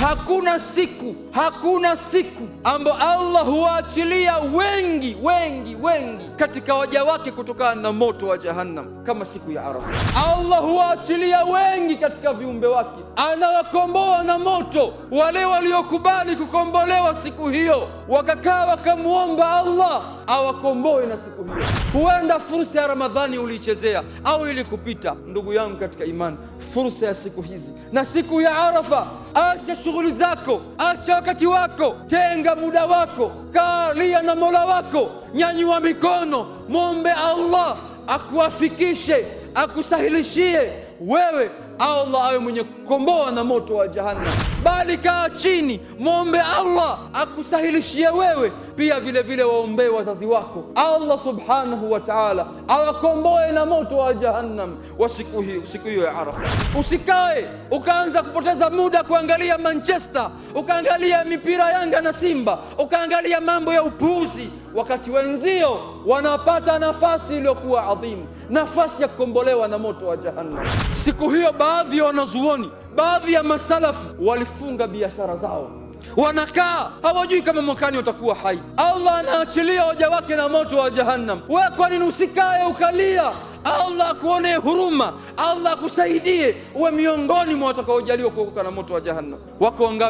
Hakuna siku, hakuna siku ambayo Allah huwaachilia wengi wengi wengi katika waja wake kutokana na moto wa Jahannam kama siku ya Arafa. Allah huwaachilia wengi katika viumbe wake, anawakomboa na moto wale waliokubali kukombolewa siku hiyo, wakakaa wakamwomba Allah awakomboe na siku hiyo. Huenda fursa ya Ramadhani uliichezea au ilikupita. Ndugu yangu katika imani, fursa ya siku hizi na siku ya Arafa acha shughuli zako, acha wakati wako, tenga muda wako, kalia na mola wako, nyanyua mikono, mwombe Allah akuafikishe, akusahilishie wewe Allah awe mwenye kukomboa na moto wa Jahannam, bali kaa chini, mwombe Allah akusahilishie wewe pia vile vile, waombee wazazi wako. Allah subhanahu wa ta'ala awakomboe na moto wa Jahannam wa siku hiyo, siku hiyo ya Arafa. Usikae ukaanza kupoteza muda kuangalia Manchester, ukaangalia mipira Yanga na Simba, ukaangalia mambo ya upuuzi wakati wenzio wanapata nafasi iliyokuwa adhimu, nafasi ya kukombolewa na moto wa Jahannam. Siku hiyo baadhi ya wanazuoni, baadhi ya masalafu walifunga biashara zao, wanakaa hawajui kama mwakani watakuwa hai. Allah anaachilia waja wake na moto wa Jahannam. Wewe kwa nini usikae ukalia? Allah akuonee huruma, Allah akusaidie uwe miongoni mwa watakaojaliwa kuokoka na moto wa Jahannam. Wako wangapi?